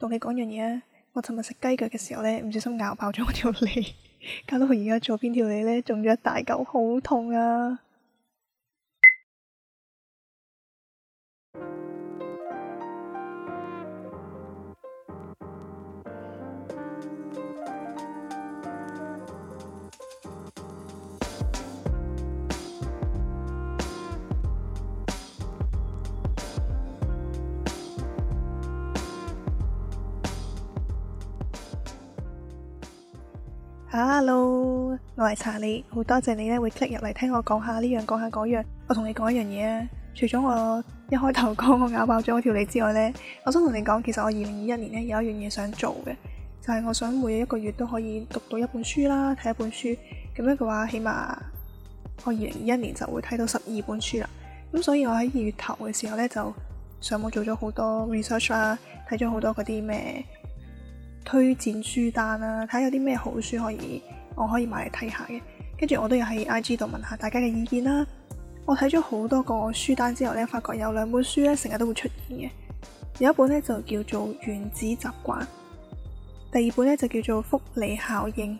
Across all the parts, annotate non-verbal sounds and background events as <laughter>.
同你講樣嘢啊！我尋日食雞腳嘅時候咧，唔小心咬爆咗我條脷，搞到我而家左邊條脷咧腫咗一大嚿，好痛啊！我嚟查你，好多謝你咧會 click 入嚟聽我講下呢樣講下嗰樣。我同你講一樣嘢啊，除咗我一開頭講我咬爆咗我條脷之外咧，我想同你講，其實我二零二一年咧有一樣嘢想做嘅，就係我想每一個月都可以讀到一本書啦，睇一本書。咁樣嘅話，起碼我二零二一年就會睇到十二本書啦。咁所以我喺二月頭嘅時候咧就上網做咗好多 research 啦，睇咗好多嗰啲咩推薦書單啦，睇有啲咩好書可以。我可以買嚟睇下嘅，跟住我都有喺 I G 度問下大家嘅意見啦。我睇咗好多個書單之後咧，發覺有兩本書咧成日都會出現嘅，有一本咧就叫做《原子習慣》，第二本咧就叫做《福利效應》。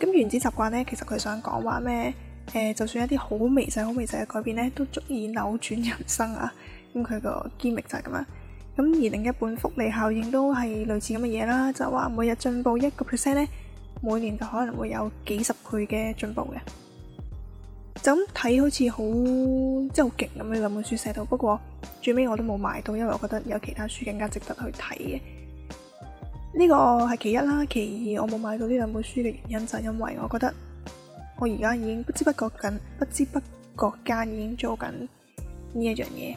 咁《原子習慣》咧，其實佢想講話咩？誒、呃，就算一啲好微細、好微細嘅改變咧，都足以扭轉人生啊！咁佢個 s 密就係咁啦。咁而另一本《福利效應》都係類似咁嘅嘢啦，就話、是、每日進步一個 percent 咧。呢每年就可能會有幾十倍嘅進步嘅，就咁睇好似好即係好勁咁樣，兩本書寫到。不過最尾我都冇買到，因為我覺得有其他書更加值得去睇嘅。呢、呢個係其一啦，其二我冇買到呢兩本書嘅原因就係、因為我覺得我而家已經不知不覺緊、不知不覺間已經做緊呢一樣嘢。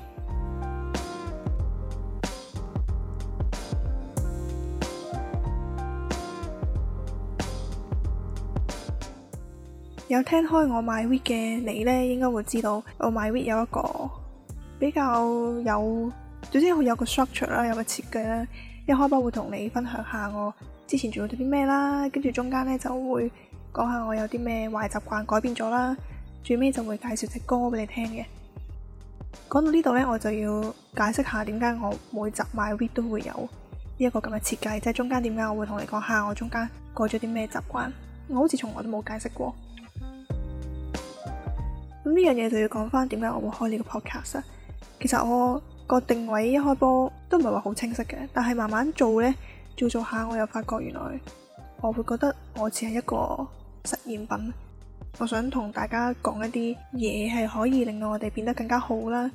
有聽開我 My Week 嘅你呢，應該會知道我 My Week 有一個比較有總之有個 structure 啦，有一個設計啦。一開波會同你分享下我之前做咗啲咩啦，跟住中間呢，就會講下我有啲咩壞習慣改變咗啦。最尾就會介紹隻歌俾你聽嘅。講到呢度呢，我就要解釋下點解我每集 My Week 都會有一個咁嘅設計，即係中間點解我會同你講下我中間改咗啲咩習慣。我好似從來都冇解釋過。咁呢樣嘢就要講翻，點解我會開呢個 podcast？其實我個定位一開波都唔係話好清晰嘅，但係慢慢做呢，做做下我又發覺原來我會覺得我似係一個實驗品。我想同大家講一啲嘢係可以令到我哋變得更加好啦。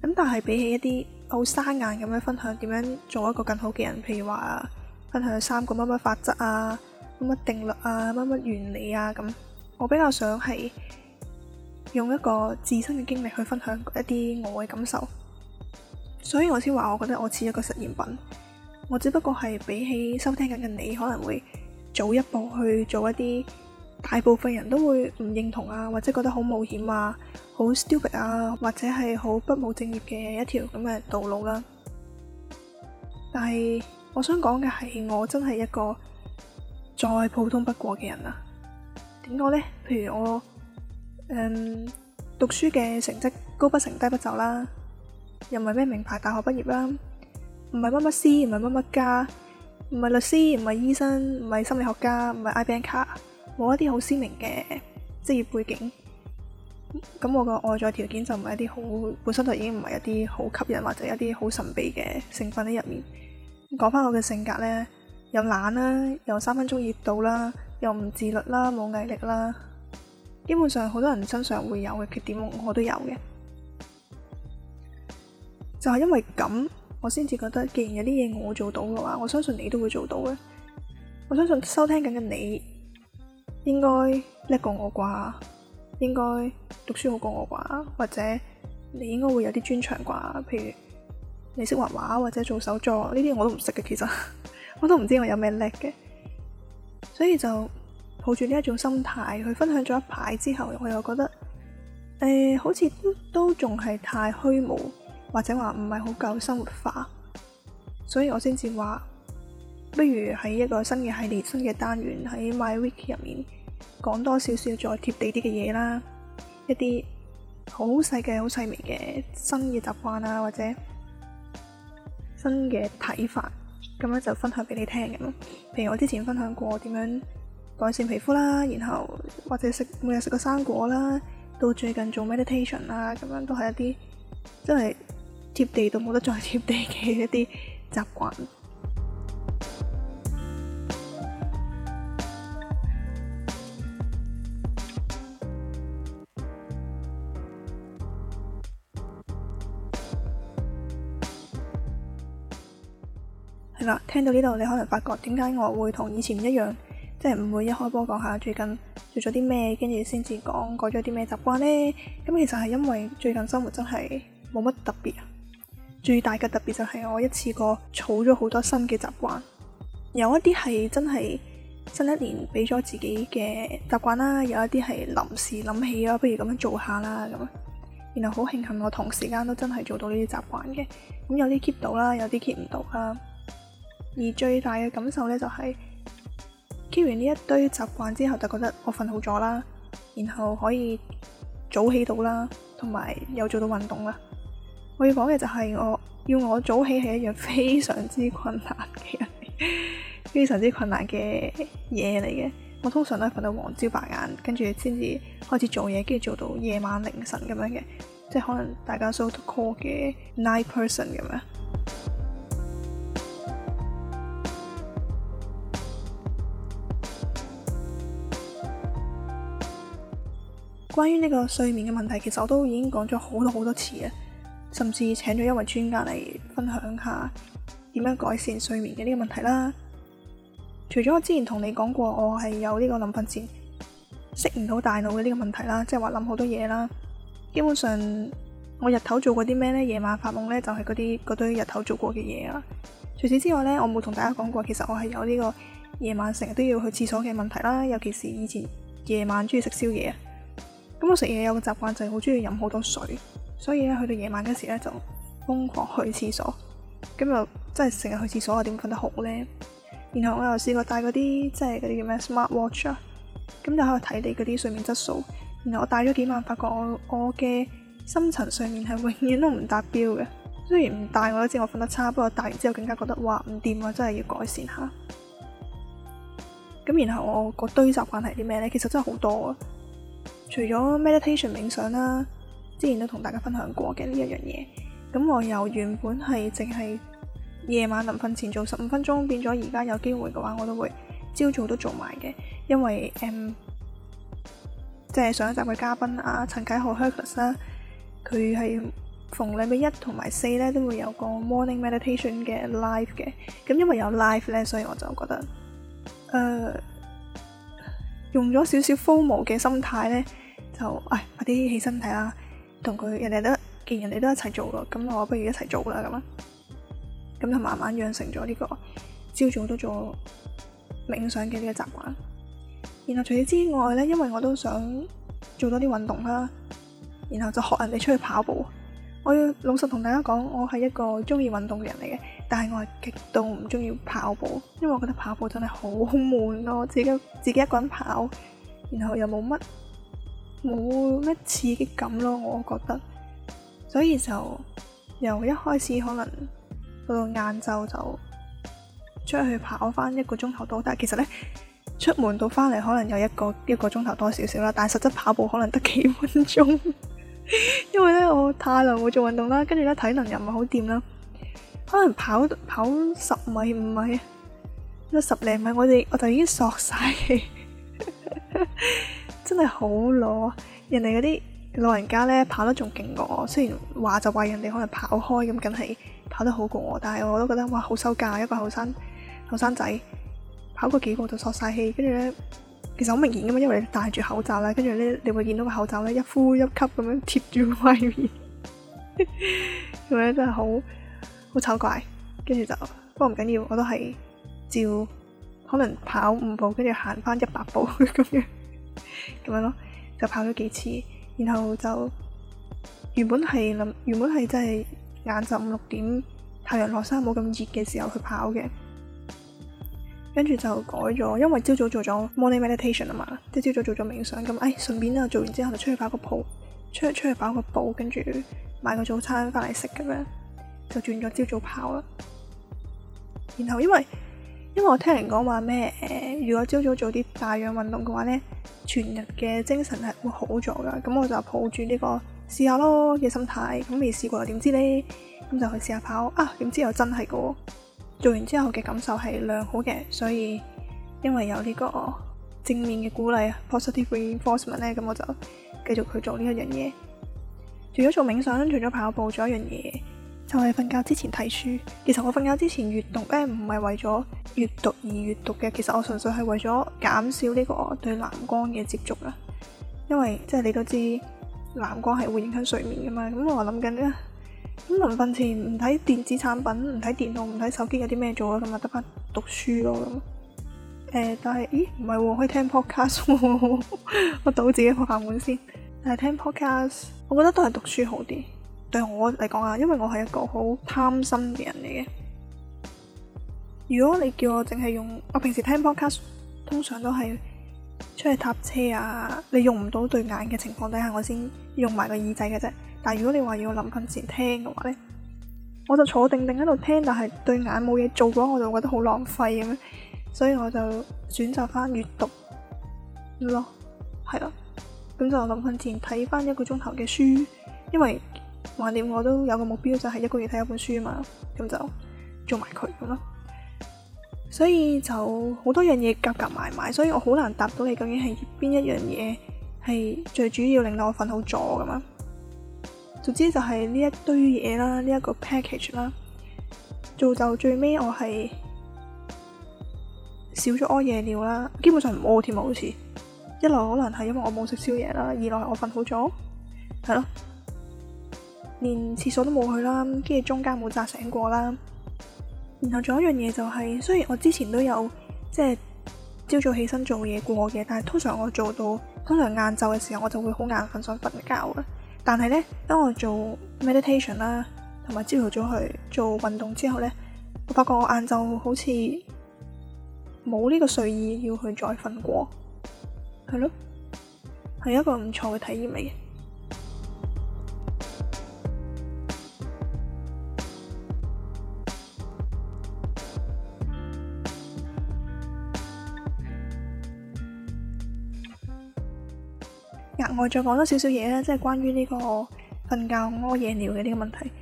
咁但係比起一啲好生眼咁樣分享點樣做一個更好嘅人，譬如話分享三個乜乜法則啊、乜乜定律啊、乜乜原理啊咁，我比較想係。用一個自身嘅經歷去分享一啲我嘅感受，所以我先話我覺得我似一個實驗品，我只不過係比起收聽緊嘅你，可能會早一步去做一啲大部分人都會唔認同啊，或者覺得好冒險啊、好 stupid 啊，或者係好不務正業嘅一條咁嘅道路啦、啊。但係我想講嘅係，我真係一個再普通不過嘅人啊。點講咧？譬如我。誒，um, 讀書嘅成績高不成低不就啦，又唔係咩名牌大學畢業啦，唔係乜乜師，唔係乜乜家，唔係律師，唔係醫生，唔係心理學家，唔係 I.Banker，冇一啲好鮮明嘅職業背景。咁我個外在條件就唔係一啲好，本身就已經唔係一啲好吸引或者一啲好神秘嘅成分喺入面。講翻我嘅性格呢，又懶啦，又三分鐘熱度啦，又唔自律啦，冇毅力啦。基本上好多人身上會有嘅缺點，我都有嘅。就係因為咁，我先至覺得，既然有啲嘢我做到嘅話，我相信你都會做到嘅。我相信收聽緊嘅你應該叻過我啩，應該讀書好過我啩，或者你應該會有啲專長啩，譬如你識畫畫或者做手作呢啲，我都唔識嘅。其實 <laughs> 我都唔知我有咩叻嘅，所以就。抱住呢一種心態去分享咗一排之後，我又覺得誒、呃、好似都都仲係太虛無，或者話唔係好夠生活化，所以我先至話，不如喺一個新嘅系列、新嘅單元喺 My Week 入面講多少少再貼地啲嘅嘢啦，一啲好細嘅、好細微嘅新嘅習慣啊，或者新嘅睇法，咁咧就分享俾你聽嘅咯。譬如我之前分享過點樣改善皮膚啦，然後或者食每日食個生果啦，到最近做 meditation 啦，咁樣都係一啲真係貼地到冇得再貼地嘅一啲習慣。係啦， <noise> <noise> 聽到呢度，你可能發覺點解我會同以前唔一樣。即係唔會一開波講下最近做咗啲咩，跟住先至講改咗啲咩習慣呢？咁其實係因為最近生活真係冇乜特別啊。最大嘅特別就係我一次過儲咗好多新嘅習慣，有一啲係真係新一年俾咗自己嘅習慣啦，有一啲係臨時諗起啊，不如咁樣做下啦咁。然後好慶幸我同時間都真係做到呢啲習慣嘅。咁有啲 keep 到啦，有啲 keep 唔到啦。而最大嘅感受呢，就係。Keep 完呢一堆習慣之後，就覺得我瞓好咗啦，然後可以早起到啦，同埋又做到運動啦。我要講嘅就係我要我早起係一樣非常之困難嘅，非常之困難嘅嘢嚟嘅。我通常都係瞓到黃朝白晏，跟住先至開始做嘢，跟住做到夜晚凌晨咁樣嘅，即係可能大家 so called 嘅 night person 咁樣。關於呢個睡眠嘅問題，其實我都已經講咗好多好多次啊，甚至請咗一位專家嚟分享下點樣改善睡眠嘅呢個問題啦。除咗我之前同你講過，我係有呢個臨瞓前識唔到大腦嘅呢個問題啦，即係話諗好多嘢啦。基本上我日頭做過啲咩呢？夜晚發夢呢，就係嗰啲嗰堆日頭做過嘅嘢啦。除此之外呢，我冇同大家講過，其實我係有呢個夜晚成日都要去廁所嘅問題啦，尤其是以前夜晚中意食宵夜咁我食嘢有個習慣就係好中意飲好多水，所以咧去到夜晚嗰時咧就瘋狂去廁所，咁又真係成日去廁所啊，我點瞓得好咧？然後我又試過戴嗰啲即係嗰啲叫咩 Smart Watch 啊，咁就喺度睇你嗰啲睡眠質素。然後我戴咗幾晚，發覺我我嘅深層睡眠係永遠都唔達標嘅。雖然唔戴我都知我瞓得差，不過戴完之後更加覺得哇唔掂啊，真係要改善下。咁然後我個堆習慣係啲咩咧？其實真係好多啊！除咗 meditation 冥想啦，啊，之前都同大家分享過嘅呢一樣嘢，咁我由原本係淨係夜晚臨瞓前做十五分鐘，變咗而家有機會嘅話，我都會朝早都做埋嘅。因為誒，即、嗯、係、就是、上一集嘅嘉賓啊，陳介豪 Hercules 啦，佢係、啊、逢禮拜一同埋四咧都會有個 morning meditation 嘅 live 嘅。咁因為有 live 咧，所以我就覺得誒、呃，用咗少少 formal 嘅心態咧。就哎，快啲起身睇啦，同佢人哋都既然人哋都一齊做咯，咁我不如一齊做啦咁啊，咁就慢慢養成咗呢個朝早都做冥想嘅呢個習慣。然後除此之外咧，因為我都想做多啲運動啦，然後就學人哋出去跑步。我要老實同大家講，我係一個中意運動嘅人嚟嘅，但係我係極度唔中意跑步，因為我覺得跑步真係好悶咯，自己自己一個人跑，然後又冇乜。冇乜刺激感咯，我覺得，所以就由一開始可能到到晏晝就出去跑翻一個鐘頭都得，但其實咧出門到翻嚟可能有一個一個鐘頭多少少啦，但係實質跑步可能得幾分鐘， <laughs> 因為咧我太耐冇做運動啦，跟住咧體能又唔係好掂啦，可能跑跑十米五米，十零米我哋我就已經索晒氣。 <laughs> 真係好攞人哋嗰啲老人家咧跑得仲勁過我，雖然話就話人哋可能跑開咁，緊係跑得好過我。但係我都覺得哇，好羞家一個後生後生仔跑過幾個就索晒氣，跟住咧其實好明顯噶嘛，因為你戴住口罩啦，跟住咧你會見到個口罩咧一呼一吸咁樣貼住塊面，咁 <laughs> 樣真係好好醜怪。跟住就不過唔緊要，我都係照可能跑五步，跟住行翻一百步咁樣。咁樣咯，就跑咗幾次，然後就原本係諗，原本係真係晏晝五六點太陽落山冇咁熱嘅時候去跑嘅，跟住就改咗，因為朝早做咗 morning meditation 啊嘛，即朝早做咗冥想，咁唉，順便啊做完之後就出去跑個步，出去出去跑個步，跟住買個早餐翻嚟食咁樣，就轉咗朝早跑啦，然後因為。因為我聽人講話咩誒，如果朝早做啲大氧運動嘅話咧，全日嘅精神係會好咗噶。咁我就抱住呢個試下咯嘅心態，咁未試過又點知咧？咁就去試下跑啊！點知又真係噶，做完之後嘅感受係良好嘅。所以因為有呢個正面嘅鼓勵，positive reinforcement 咧，咁我就繼續去做呢一樣嘢。除咗做冥想，除咗跑步，做一樣嘢。就係瞓覺之前睇書。其實我瞓覺之前閲讀咧，唔、呃、係為咗閲讀而閲讀嘅。其實我純粹係為咗減少呢個對藍光嘅接觸啦。因為即係你都知藍光係會影響睡眠噶嘛。咁、嗯、我諗緊咧，咁臨瞓前唔睇電子產品，唔睇電腦，唔睇手機有，有啲咩做啊？咁咪得翻讀書咯。誒、呃，但係，咦？唔係、哦、可以聽 podcast 喎、哦。 <laughs> 我倒自己個飯碗先，但係聽 podcast，我覺得都係讀書好啲。對我嚟講啊，因為我係一個好貪心嘅人嚟嘅。如果你叫我淨係用，我平時聽 podcast 通常都係出去搭車啊，你用唔到對眼嘅情況底下，我先用埋個耳仔嘅啫。但係如果你話要我臨瞓前聽嘅話咧，我就坐定定喺度聽，但係對眼冇嘢做嘅話，我就覺得好浪費咁樣，所以我就選擇翻閱讀咯，係、嗯、啦。咁、啊、就臨瞓前睇翻一個鐘頭嘅書，因為。橫掂我都有個目標，就係、是、一個月睇一本書啊嘛，咁就做埋佢咁咯。所以就好多樣嘢夾夾埋埋，所以我好難答到你究竟係邊一樣嘢係最主要令到我瞓好咗噶嘛。總之就係呢一堆嘢啦，呢、這、一個 package 啦，做就最尾我係少咗屙夜尿啦，基本上唔屙添啊，好似一來可能係因為我冇食宵夜啦，二來我瞓好咗，係咯。連廁所都冇去啦，跟住中間冇扎醒過啦。然後仲有一樣嘢就係，雖然我之前都有即係朝早起身做嘢過嘅，但係通常我做到通常晏晝嘅時候，我就會好眼瞓想瞓覺嘅。但係咧，當我做 meditation 啦，同埋朝頭早去做運動之後咧，我發覺我晏晝好似冇呢個睡意要去再瞓過，係咯，係一個唔錯嘅體驗嚟嘅。額外再講多少少嘢咧，即係關於呢個瞓覺屙夜尿嘅呢個問題。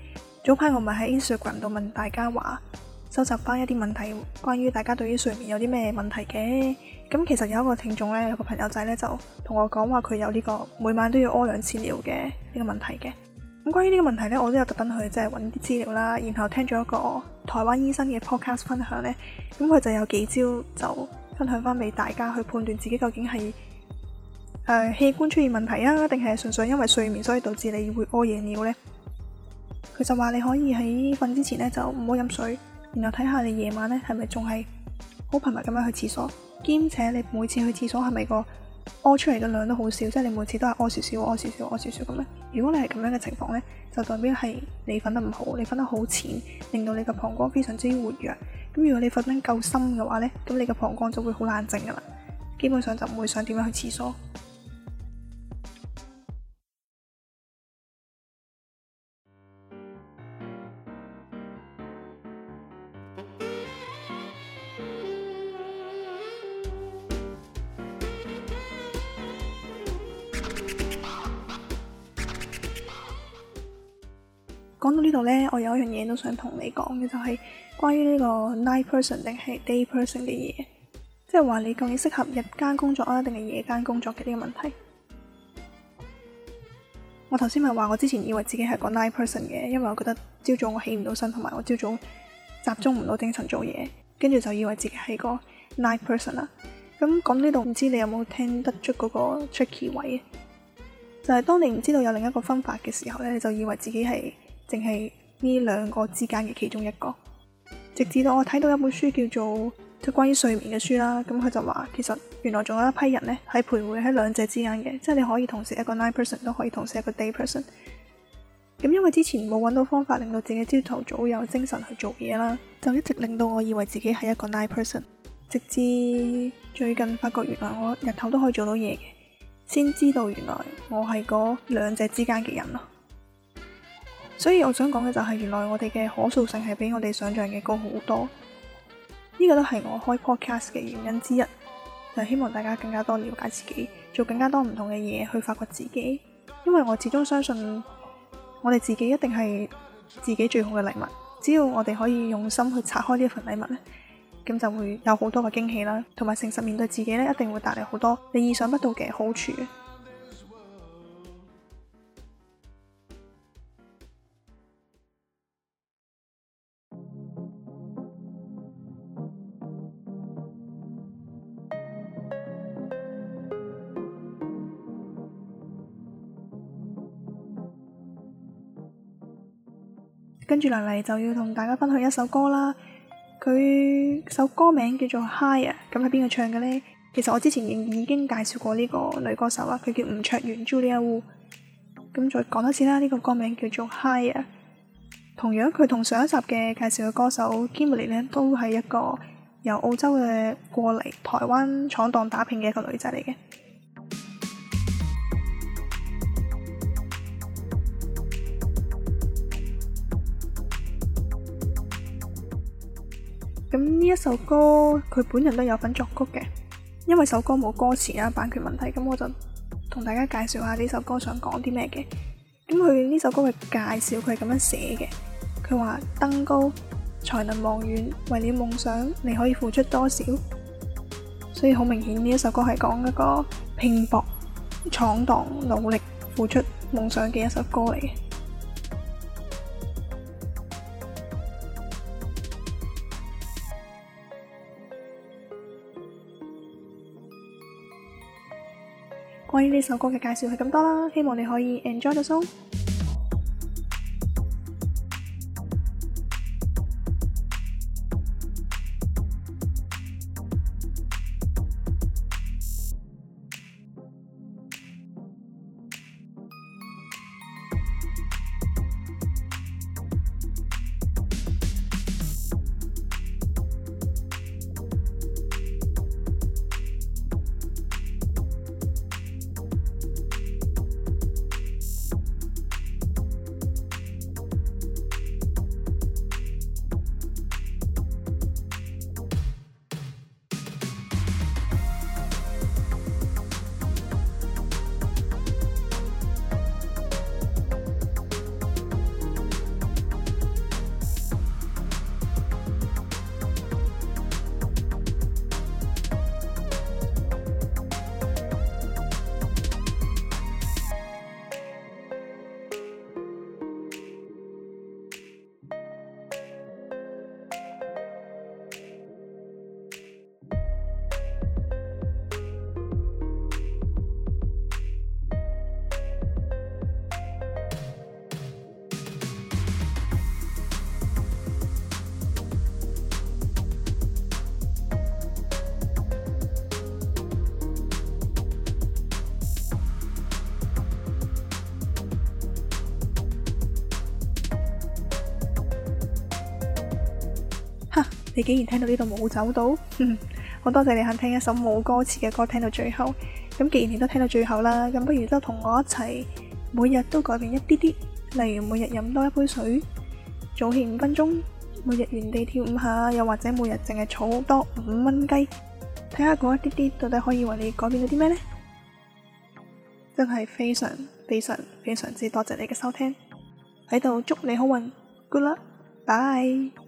早排我咪喺 Instagram 度問大家話，收集翻一啲問題，關於大家對於睡眠有啲咩問題嘅。咁其實有一個聽眾咧，有個朋友仔咧就同我講話、這個，佢有呢個每晚都要屙兩次尿嘅呢個問題嘅。咁關於呢個問題咧，我都有特登去即係揾啲資料啦，然後聽咗一個台灣醫生嘅 Podcast 分享咧，咁佢就有幾招就分享翻俾大家去判斷自己究竟係。誒、uh, 器官出現問題啊，定係純粹因為睡眠所以導致你會屙夜尿呢？佢就話你可以喺瞓之前呢就唔好飲水，然後睇下你夜晚呢係咪仲係好頻密咁樣去廁所，兼且你每次去廁所係咪個屙出嚟嘅量都好少，即、就、係、是、你每次都係屙少，少少、屙少少、屙少少咁樣。如果你係咁樣嘅情況呢，就代表係你瞓得唔好，你瞓得好淺，令到你嘅膀胱非常之活躍。咁如果你瞓得夠深嘅話呢，咁你嘅膀胱就會好冷靜噶啦，基本上就唔會想點樣去廁所。講到呢度呢，我有一樣嘢都想同你講嘅，就係關於呢個 night person 定係 day person 嘅嘢，即係話你究竟適合日間工作啊，定係夜間工作嘅呢個問題。我頭先咪話，我之前以為自己係個 night person 嘅，因為我覺得朝早我起唔到身，同埋我朝早集中唔到精神做嘢，跟住就以為自己係個 night person 啦。咁講呢度，唔知你有冇聽得出嗰個 tricky 位？就係當你唔知道有另一個分法嘅時候咧，你就以為自己係。淨係呢兩個之間嘅其中一個，直至到我睇到一本書叫做《就關於睡眠嘅書》啦，咁佢就話，其實原來仲有一批人呢係徘徊喺兩者之間嘅，即係你可以同時一個 night person 都可以同時一個 day person。咁因為之前冇揾到方法令到自己朝頭早有精神去做嘢啦，就一直令到我以為自己係一個 night person，直至最近發覺原來我日頭都可以做到嘢嘅，先知道原來我係嗰兩者之間嘅人咯。所以我想講嘅就係，原來我哋嘅可塑性係比我哋想象嘅高好多，呢、這個都係我開 podcast 嘅原因之一，就是、希望大家更加多了解自己，做更加多唔同嘅嘢，去發掘自己。因為我始終相信，我哋自己一定係自己最好嘅禮物，只要我哋可以用心去拆開呢一份禮物咧，咁就會有好多嘅驚喜啦，同埋誠實面對自己咧，一定會帶嚟好多你意想不到嘅好處。跟住嚟嚟就要同大家分享一首歌啦。佢首歌名叫做《Higher》，咁係邊個唱嘅呢？其實我之前已已經介紹過呢個女歌手啦，佢叫吳卓元 j u l i a Wu）。咁再講多次啦，呢、這個歌名叫做 h《h i g h e 同樣佢同上一集嘅介紹嘅歌手 Kimberly 咧，都係一個由澳洲嘅過嚟台灣闖蕩打拼嘅一個女仔嚟嘅。咁呢一首歌佢本人都有份作曲嘅，因為首歌冇歌詞啊版權問題，咁我就同大家介紹下呢首歌想講啲咩嘅。咁佢呢首歌嘅介紹佢係咁樣寫嘅，佢話登高才能望遠，為了夢想你可以付出多少？所以好明顯呢一首歌係講一個拼搏、闖蕩、努力、付出夢想嘅一首歌嚟嘅。關於呢首歌嘅介紹係咁多啦，希望你可以 enjoy the song～你竟然聽到呢度冇走到，嗯，好多謝你肯聽一首冇歌詞嘅歌聽到最後。咁既然你都聽到最後啦，咁不如都同我一齊，每日都改變一啲啲，例如每日飲多一杯水，早起五分鐘，每日原地跳五下，又或者每日淨係儲多五蚊雞，睇下嗰一啲啲到底可以為你改變到啲咩呢？真係非常、非常、非常之多謝你嘅收聽，喺度祝你好運，good luck，bye。